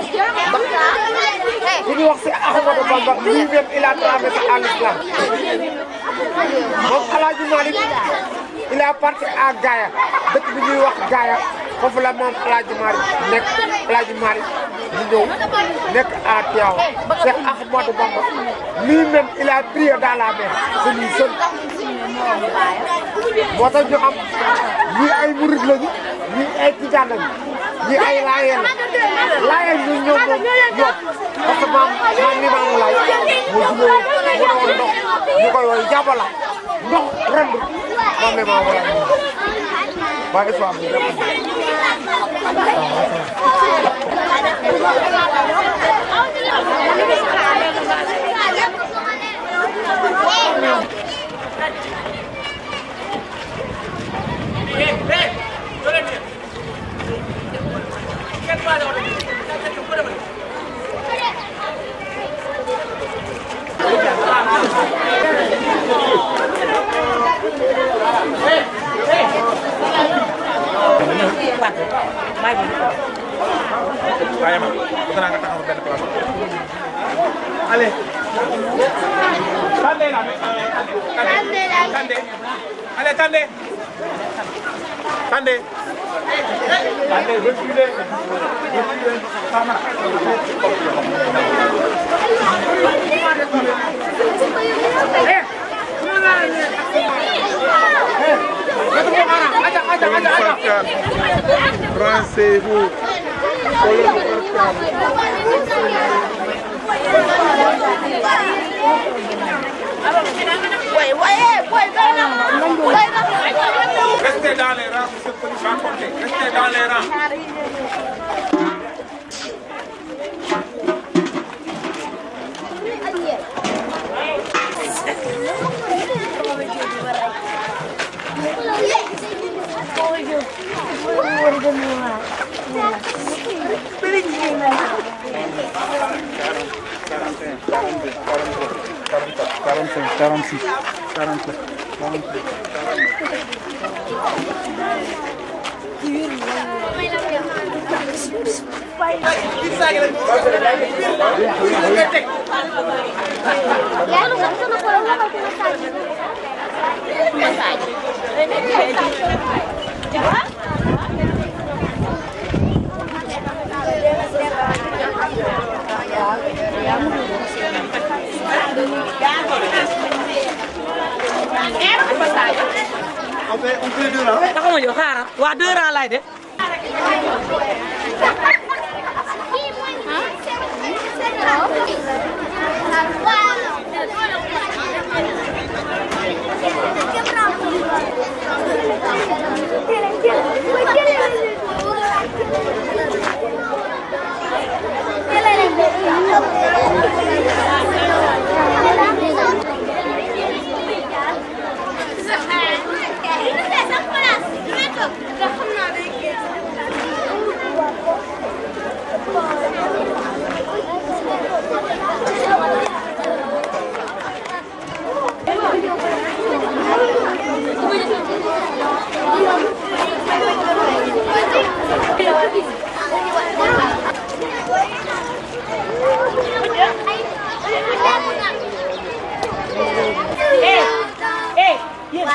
ndax li ñuy wax si Ahmadou Bamba muy wér il a traversé à l'islam moom El Hadj Malick il parti à Gaaya dëkk bi ñuy wax Gaaya foofu la moom El Hadj nekk El Hadj Malick ñu ñëw nekk à Tivaouane Cheikh Ahmadou Bamba moo tax ñu am ay murid lañu ñii ay tijaan ai lain lain nunjuk nunjuk sebab mani bang lain musuh musuh untuk bukan orang japa lah dong keren mami mau lain baik suami Hey, hey! Kaya ma, bukan Ale. ale Rendez-vous. Alors, way, way, way, Restez dans les rangs, monsieur le policier, racontez. Restez dans les rangs. What are you doing? Massagem. Massagem. deux ans. taxuma jóg xaaral waa deux ans laay def.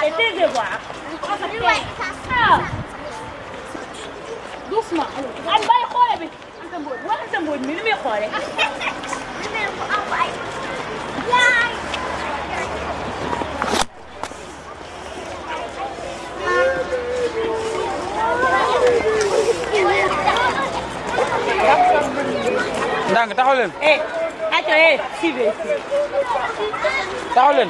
de tegenwaar. اسمع انا باي خوري بك انت مبود وين انت مبود مين مي خوري Dang, tahu lin. Eh, ayo eh, si besi. Tahu lin.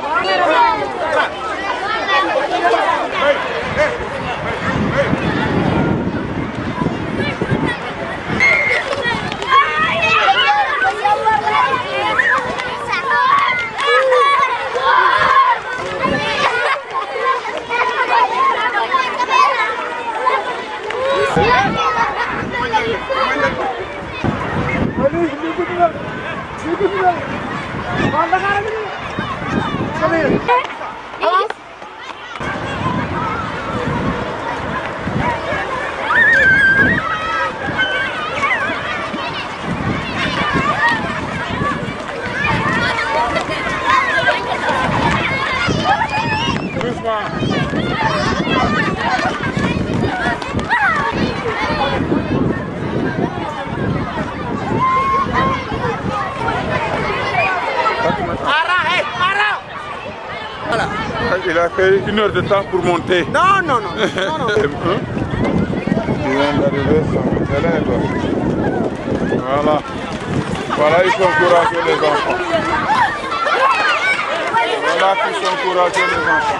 fait une heure de temps pour monter. Non, non, non. non, non. Il hein? vient d'arriver sans élève. Voilà. Voilà, ils sont courageux les enfants. Voilà ils sont courageux les enfants.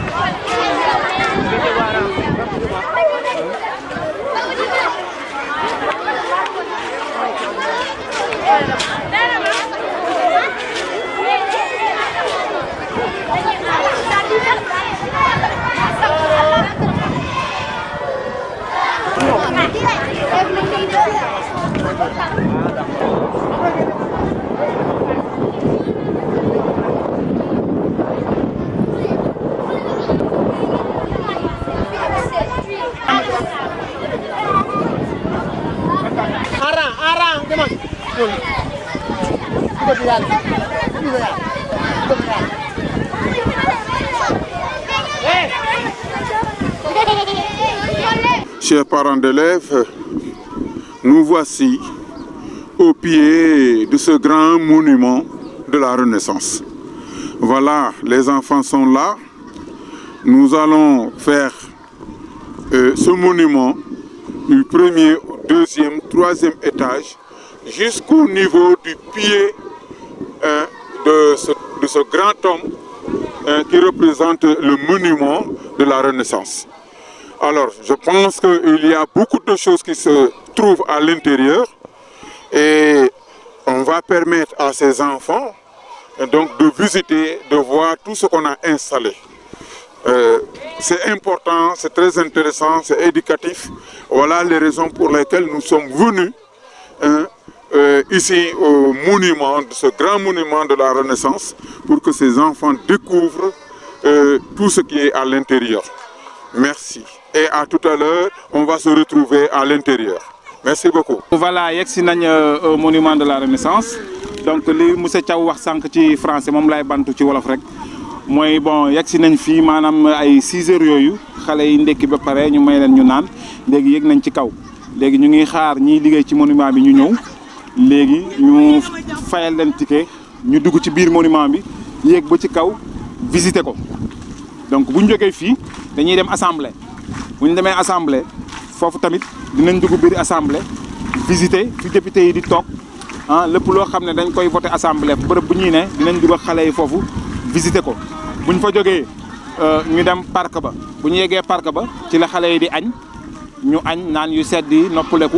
Chers parents d'élèves, nous voici au pied de ce grand monument de la Renaissance. Voilà, les enfants sont là. Nous allons faire euh, ce monument du premier, deuxième, troisième étage jusqu'au niveau du pied hein, de, ce, grand homme hein, qui représente le monument de la Renaissance. Alors, je pense qu'il y a beaucoup de choses qui se trouvent à l'intérieur et on va permettre à ces enfants hein, donc, de visiter, de voir tout ce qu'on a installé. Euh, c'est important, c'est très intéressant, c'est éducatif. Voilà les raisons pour lesquelles nous sommes venus euh, ici au monument, ce grand monument de la Renaissance, pour que ces enfants découvrent euh, tout ce qui est à l'intérieur. Merci. Et à tout à l'heure, on va se retrouver à l'intérieur. Merci beaucoup. Voilà, y nañ euh, au monument de la Renaissance donc les monsieur Thiaw wax sànq ci français moom laay bantu ci wolof rek mooy bon a nañ fi, manam, ay 6 heures yooyu xale yi ndekki ba pare ñu may len ñu naan légui yëg nañ ci kaw légui ñu ngi xaar ñi liggéey ci monument bi léegi ñu fayal leen ticket ñu dugg ci biir monument bi yéeg ba ci kaw visiter ko donc bu ñu jógee fii dañuy dem assemblée bu ñu demee assemblée foofu tamit dinañ dugg biir assemblée visiter fi député yi di toog ah lépp loo xam ne dañ koy voté assemblée bërëb bu ñuy ne dinañ dugg xale yi foofu visiter ko bu ñu fa jógee euh, ñu dem parc ba bu ñu yeggee parc ba ci la xale yi di añ ñu añ naan yu sedd yi noppaleku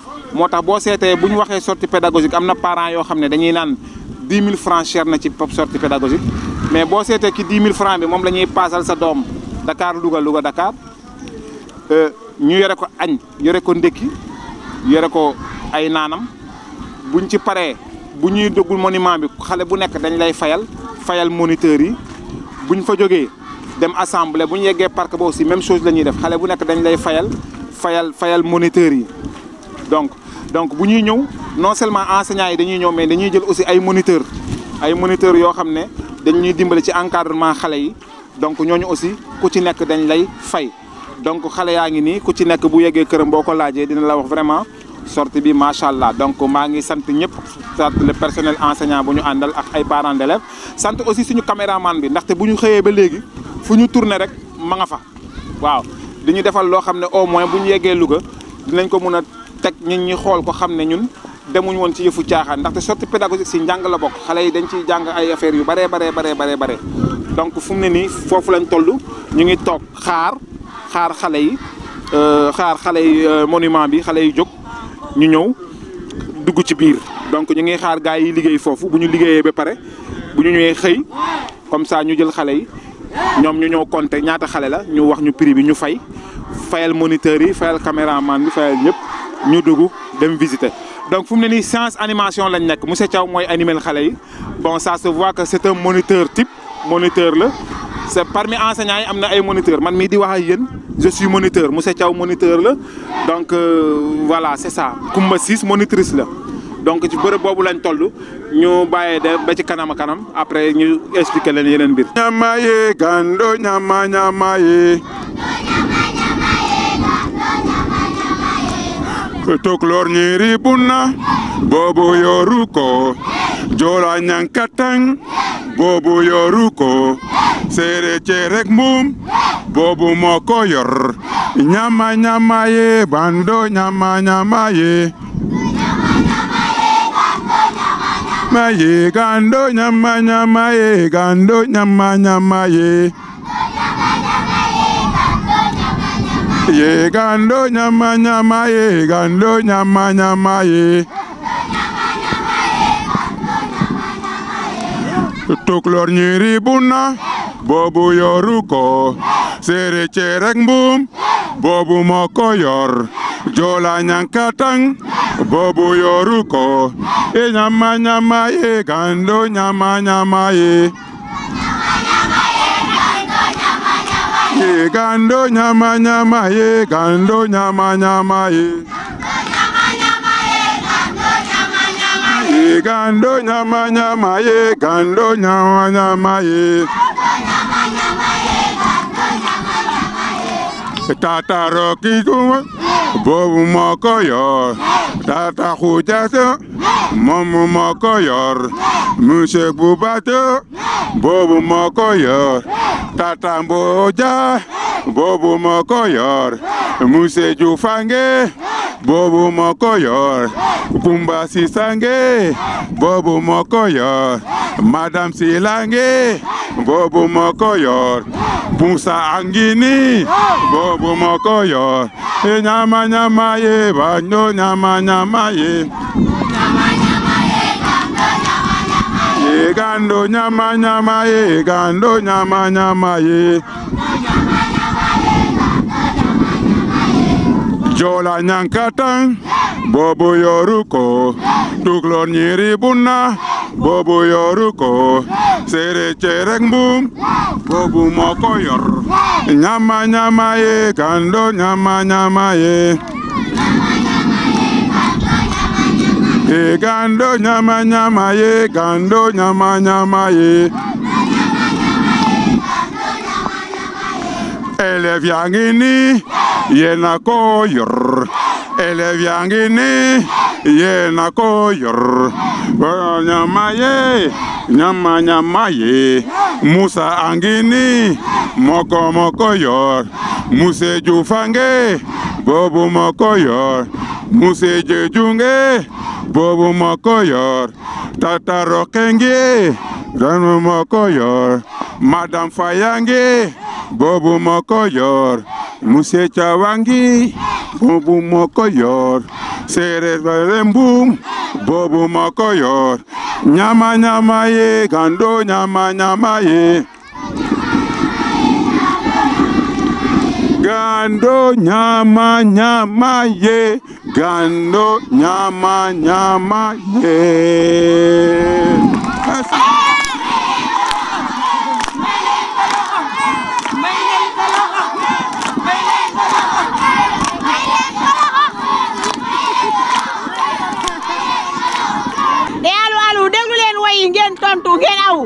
motax bo sété buñ waxé sortie pédagogique amna parents yo xamné dañuy naan 10 000 francs cher na ci pop sortie pédagogique mais bo sété ki 10 000 francs bi mom lañuy passal sa dom Dakar Louga Louga Dakar euh ñu yore ko añ yore ko ndékki yore ko ay nanam buñ ci paré buñuy dogul monument bi xalé bu nek dañ lay fayal fayal moniteur yi buñ fa joggé dem assemblée buñ ñu yeggee parc ba aussi même chose lañuy def xalé bu nek dañ lay fayal fayal fayal moniteur yi donc donc bu ñuy ñëw non seulement enseignants yi dañuy ñëw mais dañuy jël aussi ay moniteurs ay moniteurs yo xamné dañuy dimbali ci encadrement xalé yi donc ñoñu aussi ku ci nekk dañ lay fay donc xalé yaangi ni ku ci nekk bu yeggee kërëm boko laajé dina la wax vraiment sortie bi machallah donc ma ngi sant ñep sant le personnel enseignant bu ñu àndal ak ay parents d'élèves sant aussi suñu caméraman bi ndaxte bu ñu xëyee ba légui fu ñu tourné rek ma nga fa waaw di ñu defal loo xam au moins bu ñu yeggee dinañ ko mëna a teg ñun ñu xool ko xam ne ñun demuñ woon ci yëfu caaxaan ndaxte sortie pédagogique si njàng la bokk xale yi dañ ciy jàng ay affaire yu bare baree baree baree bare donc fu mu ne nii foofu lañ toll ñu ngi toog xaar xaar xale yi euh, xaar xale yi euh, monument bi xale yi jóg ñu ñëw dugg ci biir donc ñu ngi xaar gars yi liggéey foofu bu ñu liggéeyee ba pare bu ñu ñëwee xëy comme ça ñu jël xale yi ñoom ñu ñëw compter ñaata xale la ñu wax ñu prix bi ñu fay fayal moniteur yi fayal caméraman bi fayal ñëpp ñu dugg dem visiter donc pour mu séance animation lañ nekk monsieur Thiaw mooy animel xale yi bon ça se voit que c'est un moniteur type moniteur là c'est parmi enseignants yi am na ay moniteur. man mii di wax je suis moniteur monsieur Thiaw moniteur là donc euh, voilà c'est ça Kumba 6, monitrice là donc ci peux boobu lañ tollu. ñu bàyyee de ba ci kanam kanam après ñu expliquer les yeneen mbir ñamaye gando ñama Kutok lor nyiri buna, bobo yoruko. Jola nyankatang, bobo yoruko. Sere cherek mum, bobo moko yor. Nyama nyama ye, bando nyama nyama ye. Nyama nyama ye, gando nyama nyama ye. Gando nyama nyama ye. Gando nyama nyama ye. Yegando nyama nyama yegando nyama nyama ye. Tuklor nyiri buna, bobu yoruko. Sere cereng bum, bobu moko yor. Jola nyang katang, bobu yoruko. E nyama nyama ye, gando nyama nyama ye. Nyama nyama ye. ye kando nyama nyama ye kando nyama nyama ye kando nyama nyama ye kando nyama nyama ye tataro kikuwa bobu mokoyo tata kujasa Mamu makoyor, Mushek bubato, Bobo makoyor, Tatamboja, Bobo makoyor, Muse jufange, makoyor, Pumba sisange, Bobo makoyor, Madam silange, Bobo makoyor, Pusa angini, Bobo makoyor, Nyama nyama ye, Banyo nyama nyama ye. gando nyama nyama ye gando nyama nyama ye jola nyankatan bobo yoruko tuklo nyiri buna bobo yoruko sere cereng bum bobo moko yor nyama nyama ye gando nyama nyama ye nyama nyama ye ye gando nyama nyama ye gando nyama nyama ye ele vyangini yena koyor ele vyangini yena koyor nyama ye nyama nyama ye musa angini moko moko yor muse jufange bobu moko yor muse jejunge bobu makoyor, tata tataro kengi makoyor, madam fayangi bobu makoyor, yor muse chawangi bobu moko yor sere balembum nyama nyama ye gando nyama nyama ye Gando nyama nyama ye, gando nyama nyama ye. Yes. ngeen tontu ngeen aw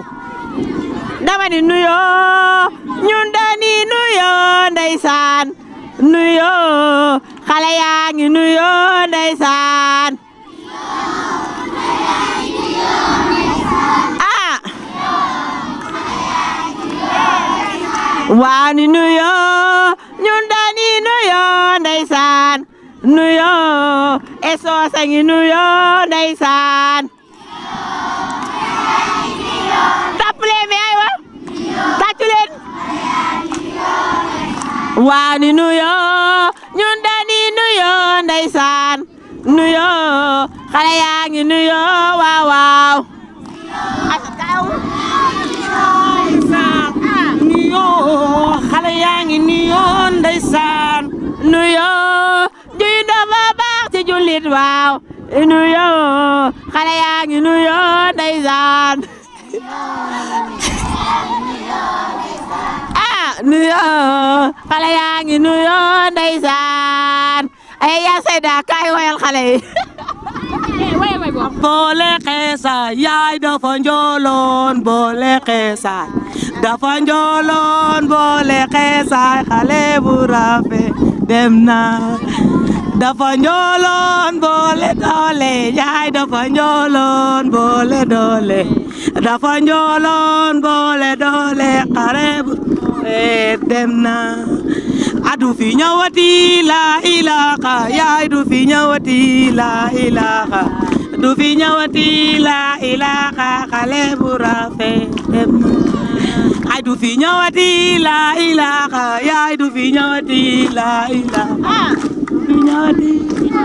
dama di nuyoo ñun dañuy nuyoo ndeysaan khai nuyo xale yaa ngi nuyo ndeysaan ah waa ni nuyo ñun dañi nuyo ndeysaan nuyo esoos a ngi nuyo ndeysaan waani nuyoo ñun nuyoo ndeysaan nuyoo xale ngi nuyoo waaw waaw nuyoo xale ngi nuyoo ndeysaan nuyoo juy dafa baax ci waaw nuyoo xale ngi nuyoo ndeysaan nuyoo xale yaa ngi nuyoo ndeysaan ay yaa sayda kaay woyal xale yi boole xeesaay yaay dafa njooloon boole xeesaay dafa njooloon boole xeesaay xale bu rafet dem na boole doole yaay dafa njooloon boole doole dafa njooloon boole doole xare bu Eh, dem na adu fi ñëwati la ilaha yaay du fi ñëwati la ilaha du fi ñëwati la ilaha xale bu rafet dem na ay du fi ñëwati la ilaha yaay du fi ñëwati la ilaha du fi ñëwati la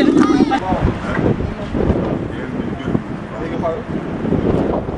ilaha